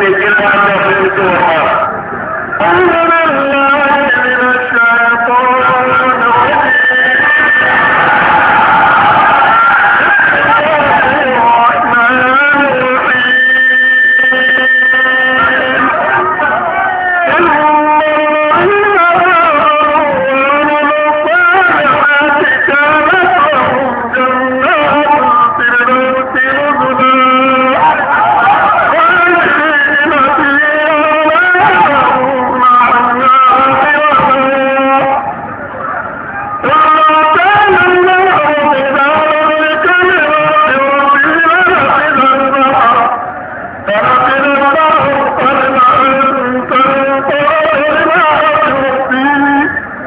mai girma da hukumar Allah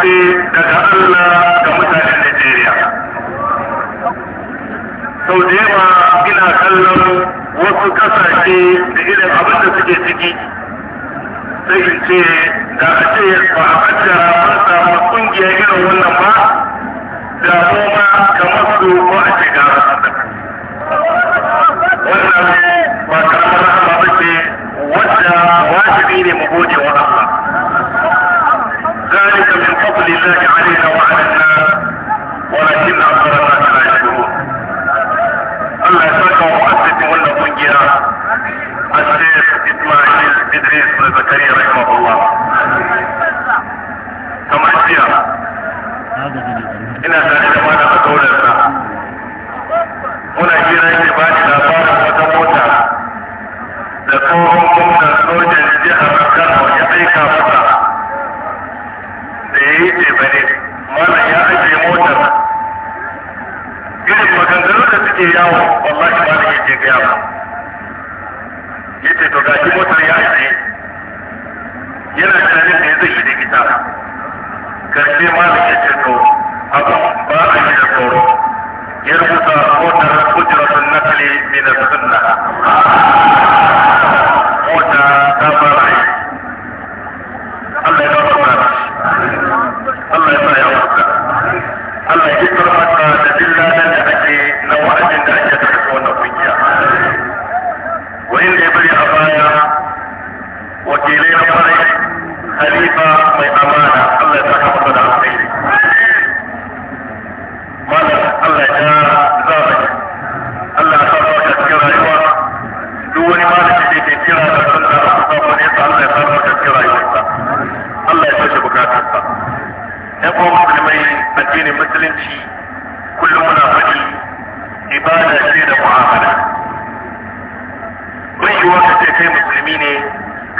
ce daga Allah ga mutanen Najeriya. Sau da yawa ina kallon wasu kasashe da irin abin da suke ciki. Sai in ce da a ce ba a kaddara mun samu ƙungiyar irin wannan ba, da mu ma kamar su ko a shiga. ina tare da mana a kaunarsa muna jira yake ba ni labarin wata mota da tsohon gwamnan sojan jihar kano ya aika masa da ya yi tebane mana ya ajiye motar irin maganganu da suke yawo wallahi ba da yake gaya ba yace to gashi motar ya ajiye yana tunanin da ya zai yi da ita karshe malam ya ce to haka ba a yi da sauro ya rubuta motar kujiratun nakali min sunna mota ta fara musulunci kullum muna faɗi ibada ce da mu'amala bai yiwuwa ka ce kai musulmi ne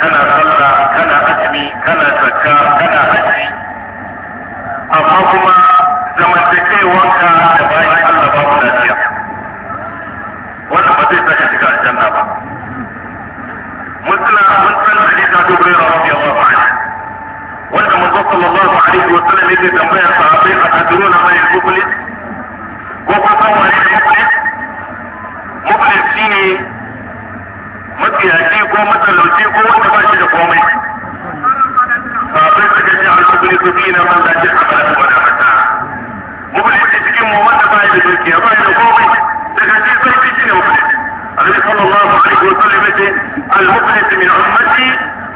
kana sallah kana azumi kana zakka kana haji amma kuma zamantakewanka da bayan Allah babu lafiya wannan ba zai saka shiga aljanna ba mutuna mun san hadisi Abu Hurairah radiyallahu ba wanda manzo sallallahu alaihi wa sallam yake tambaya صلى الله عليه وسلم المخلص من امتي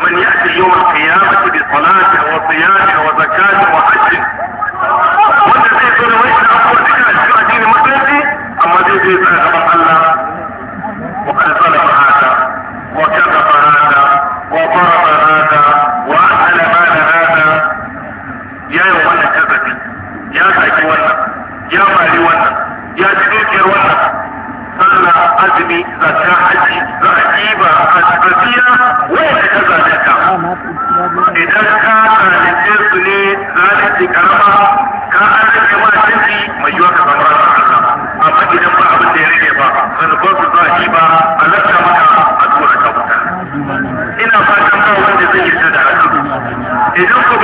من يأتي يوم القيامة بصلاة وصيام وزكاة وحج وانت زي أقوى ذكاء شو مخلصي أما زي زي الله وقد ce karama ka an da ma canji mai yiwa ka zama ta Allah a idan ba abin da ya rage ba zanubar su za a yi ba a lafta maka a tura ka wuta ina fatan ba wanda zai yarda da haka idan ku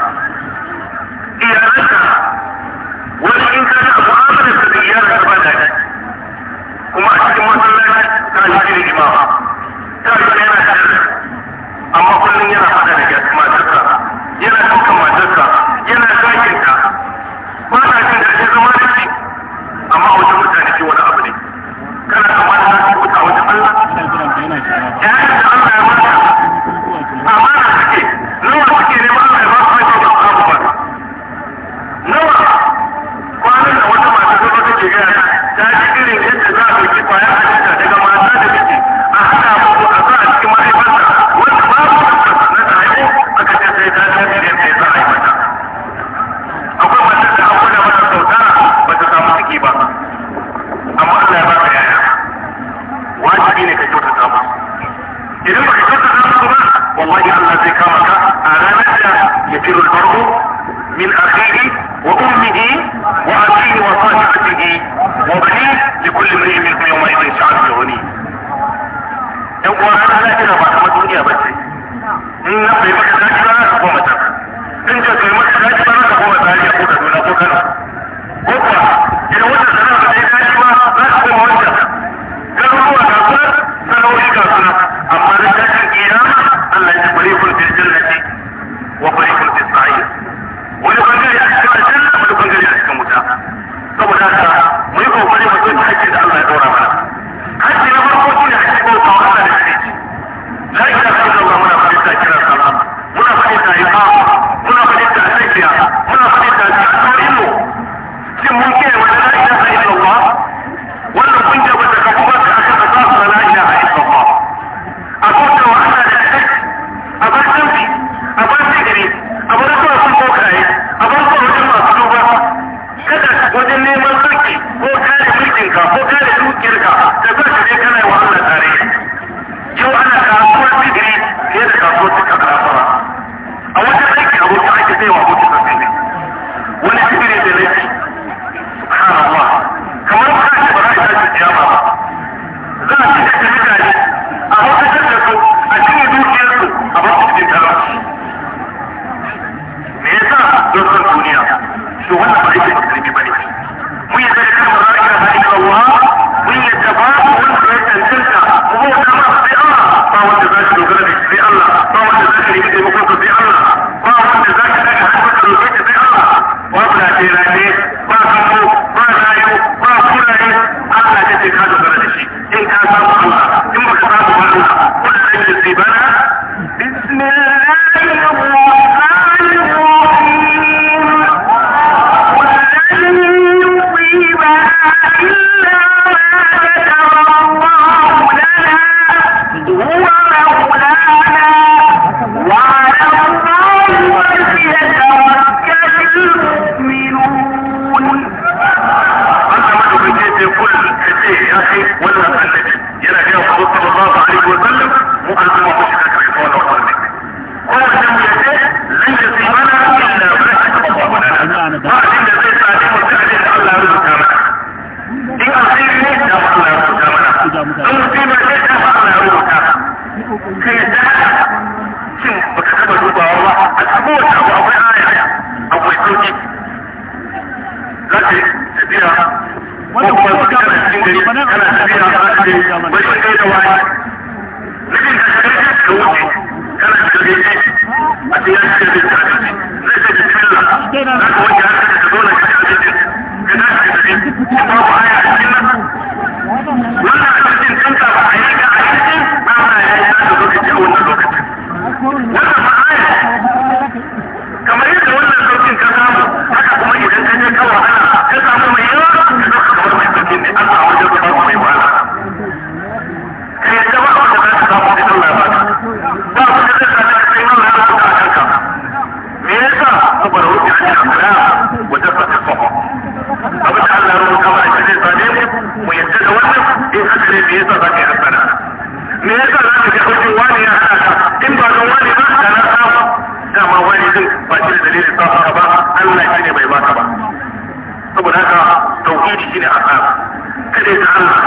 Gracias.